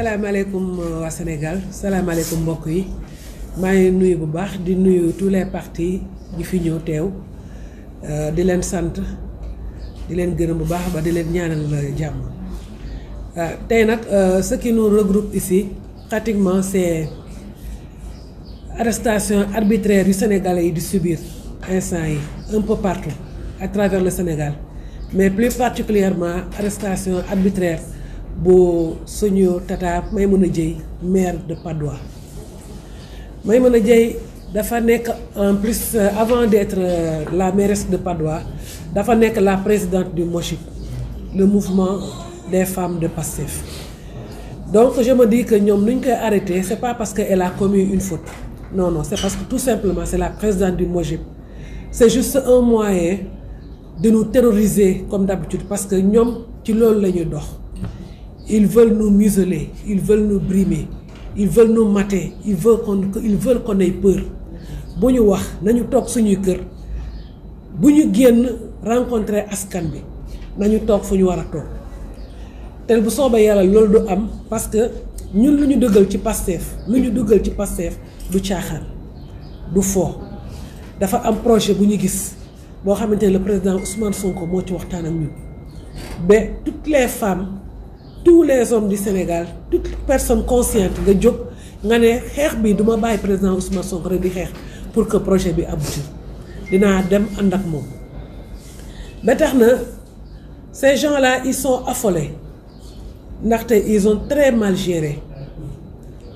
salaamaaleykum euh, wa Sénégal salaamaaleykum mbokk yi maa ngi nuyu bu baax di nuyu tous les partis yi fi ñëw teew euh, di leen sant di leen gërëm bu baax ba di leen ñaanal euh, jàmm. tey nag ce qui nous regroupe ici pratiquement c'est arrestation arbitraire yu sénégalais yi di subir instant yi un peu partout à travers le Sénégal mais plus particulièrement arrestation arbitraire bu tata maire de Padoua en plus euh, avant d'être euh, la mairesse de Padoua dafa la présidente du Moji, le mouvement des femmes de Passif. donc je me dis que nous nuñ koy arrêté c'est pas parce qu'elle a commis une faute non non c'est parce que tout simplement c'est la présidente du mojip c'est juste un moyen de nous terroriser comme d'habitude parce que nous ci tous les ils veulent nous museler, ils veulent nous brimer, ils veulent nous mater, ils veulent qu'on ait peur. wax nañu kër Si rencontrer askan bi nañu toog fu ñu war a bu parce que ñun Ce qu'on ci Pastef ci Pastef du nous du nous dafa am projet gis le président Ousmane Sonko toutes les femmes tous les hommes du Sénégal toutes personne consciente de jóg ne président Ousmane pour que le projet soit abouti. vais ces gens-là ils sont affolés ils ont très mal géré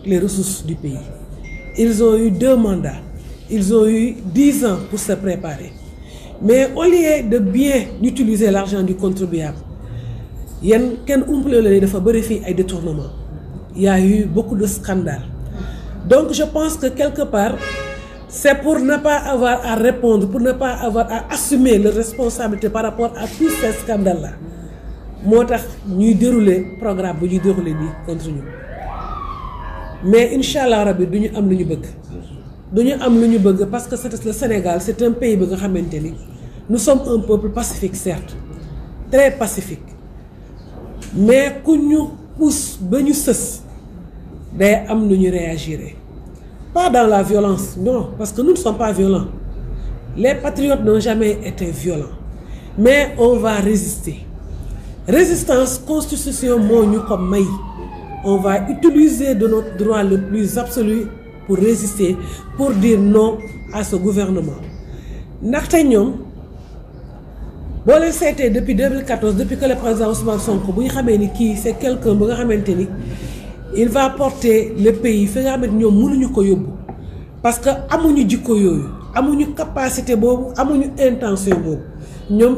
les ressources du pays ils ont eu deux mandats ils ont eu dix ans pour se préparer mais au lieu de bien utiliser l'argent du contribuable il y a eu beaucoup de scandales donc je pense que quelque part c'est pour ne pas avoir à répondre pour ne pas avoir à assumer leur responsabilité par rapport à tous ces scandales là Nous avons ñuy le programme bu ñuy contre ñu mais Inch'Allah Nous rabi duñu am lu bëgg am parce que le Sénégal c'est un pays bi nga xamante nous sommes un peuple pacifique certes très pacifique mais quand nous pousse nous nous day am pas dans la violence non parce que nous ne sommes pas violents les patriotes n'ont jamais été violents mais on va résister résistance constitutionnelle, nous, comme ko on va utiliser de notre droit le plus absolu pour résister pour dire non à ce gouvernement Bon, c'était depuis 2014 depuis que le président Ousmane Sonko bu ni c'est quelqu'un bu nga il va porter le pays fi nga xamante mënuñu ko yobbu parce que amuñu jikko yoyu amuñu capacité bobu amuñu intention bobu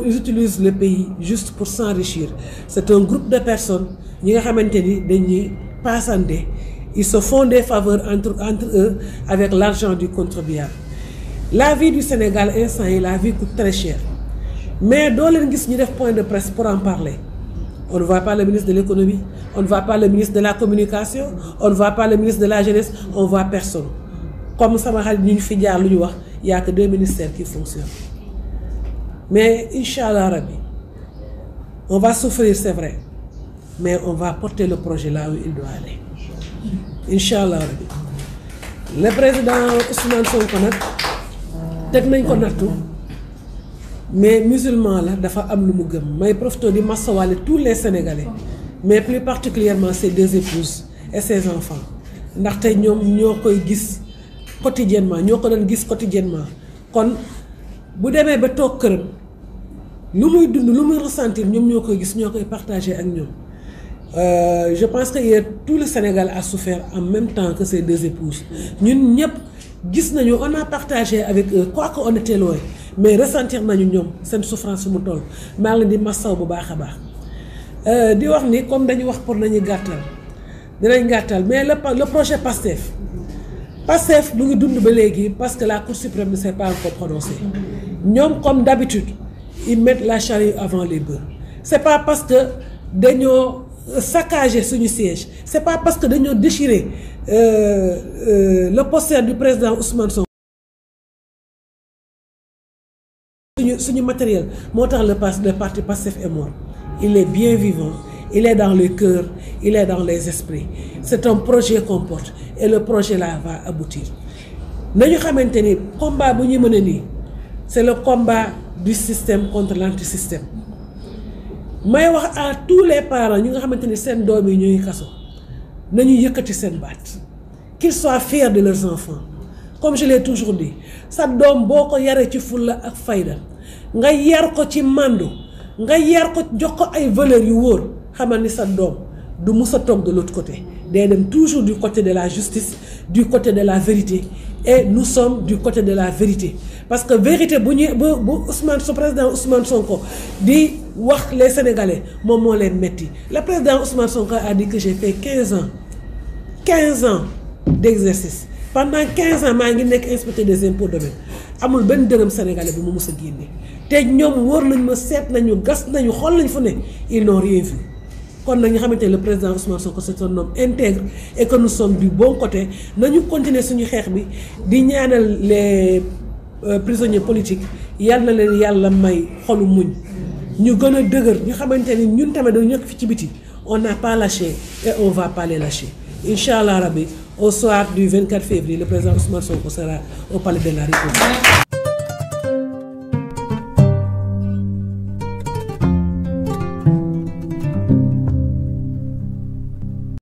ils utilisent le pays juste pour s'enrichir c'est un groupe de personnes ñi nga ni dañuy ils se font des faveurs entre eux avec l'argent du contribuable la vie du Sénégal sans et la vie coûte très cher mais doo leen gis ñu def point de presse pour en parler on ne voit pas le ministre de l'économie on ne voit pas le ministre de la communication on ne voit pas le ministre de la jeunesse on voit personne comme ça, on ñu fi jaar lu y a que deux ministères qui fonctionnent mais Inch'Allah, rabbi on va souffrir c'est vrai mais on va porter le projet là où il doit aller Inch'Allah, rabbi le président Ousmane Sonko nag teg nañ ko nattu mais musulman là dafa am lu mu gëm may profito di masawaale tous les sénégalais mais plus particulièrement ses deux épouses et ses enfants ndax ñoom ñom koy gis quotidiennement ñoko ko gis quotidiennement kon bu démé ba toog këram lu muy dund lu muy ressentir ñom ñoo gis ñoo partager ak ñom euh, je pense que tout le Sénégal a souffert en même temps que ses deux épouses Nous, nous gis on a partagé avec eux quoi que on était loin mais ressentir nañu ñoom cette souffrance C'est mu toll maa ngi leen di massaw euh, ni comme dañu wax pour nous gàttal mais le le projet PASTEF PASTEF nous ngi dund ba parce que la Cour suprême ne s'est pas encore prononcée Nous, comme d'habitude ils mettent la charrue avant les bœufs c'est pas parce que saccager ce siège c'est pas parce que nous déchirer euh, euh, le poster du président Ousmane Son. suñu matériel montant le parti le parti passif est mort il est bien vivant il est dans le cœur. il est dans les esprits c'est un projet qu'on porte et le projet là va aboutir Nous avons combat c'est le combat du système contre l'antisystème mais à tous les parents ñi nga xamante ne seen yi nañu baat qu'ils soient fiers de leurs enfants comme je l'ai toujours dit sa doom boo ko ci fulla ak fayda nga yar ko ci mandu nga yar ko jox ko ay yu xamal ni de l'autre côté toujours du côté de la justice du côté de la vérité et nous sommes du côté de la vérité parce que vérité bu Ousmane président Ousmane Sonko dit wax les sénégalais mom mo len metti le président Ousmane Sonko a dit que j'ai fait 15 ans 15 ans d'exercice pendant 15 ans je ngi inspecteur des impôts de amul ben deureum sénégalais bu mo mus a té ñom wor wóor lañ ma sét nañu gas nañu xol nañ fu né ils n'ont rien vu quand on a xamante le président Ousmane Sonko c'est un homme intègre et que nous sommes du bon côté Nous continuons à faire bi di ñaanal les. Euh, prisonniers politiques yal leen may xolu muñ ñu a ñu ñun fi ci on n'a pas lâché et on va pas les lâcher incha rabbi au soir du 24 février le président Ousmane sera au palais de la République.